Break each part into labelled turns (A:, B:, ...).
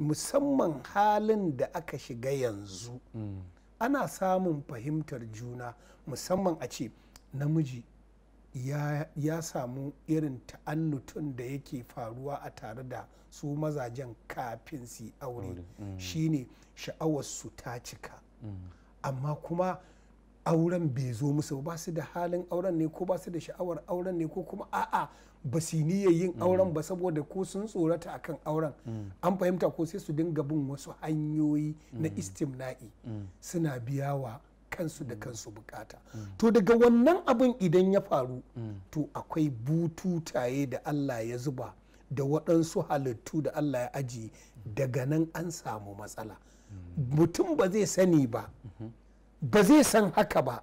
A: musamman halin da aka shiga yanzu ana samun fahimtar juna musamman a ce namiji ya, ya samu irin ta'annutun da yake faruwa a tare da su mazajen kafin su aure mm. shine sha'awarsu ta cika mm. amma kuma auren bai zo musu ba su da halin auren ne ko ba su da sha'awar auren ne ko kuma a'a ba su niyyar yin mm. auren ba saboda ko sun tsorata akan auren mm. an fahimta ko sai su dinga bin wasu hanyoyi na mm. istimna'i suna biya wa kansu da kansu bukata to daga wannan abin idan ya faru to akwai bututaye da Allah ya zuba da waɗansu halittu da Allah ya ajiye daga nan an samu matsala mutum ba zai sani ba ba zai san haka ba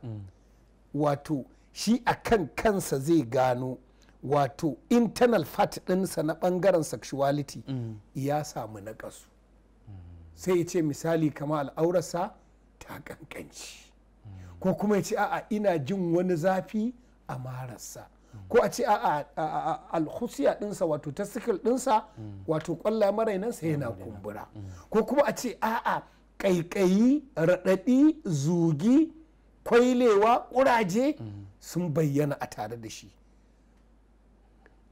A: wato shi a kan kansa zai gano wato internal fat ɗinsa na ɓangaren sexuality ya samu naƙasu sai ya ce misali kama al'aurarsa ta ƙanƙanci ko kuma ya ce a'a ina jin wani zafi a mararsa ko a ce a alhusiya dinsa wato testicle dinsa wato kwallaye marainansa yana kumbura ko kuma a ce a'a ƙaiƙayi raɗaɗi zugi kwailewa ƙuraje sun bayyana a tare da shi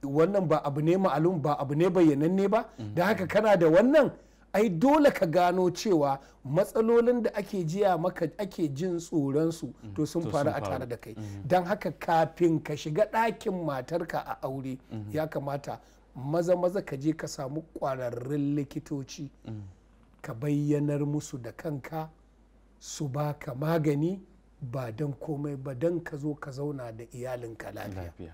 A: wannan ba abu ne ma'alum ba abu ne bayyananne ba da haka kana da wannan ai dole ka gano cewa matsalolin da ake jiya maka ake jin tsoronsu mm, to sun faru a tare da kai mm. don haka kafin ka shiga ɗakin matarka a aure mm. ya kamata maza maza ka je ka samu kwararrun likitoci ka bayyanar musu da kanka su ba ka magani ba don komai ba don ka zo ka zauna da iyalinka lafiya.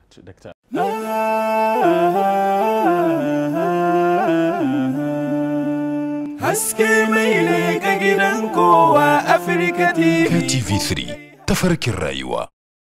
A: Haske mai ne ga gidan kowa Afirka TV. KTV3 tafarkin rayuwa.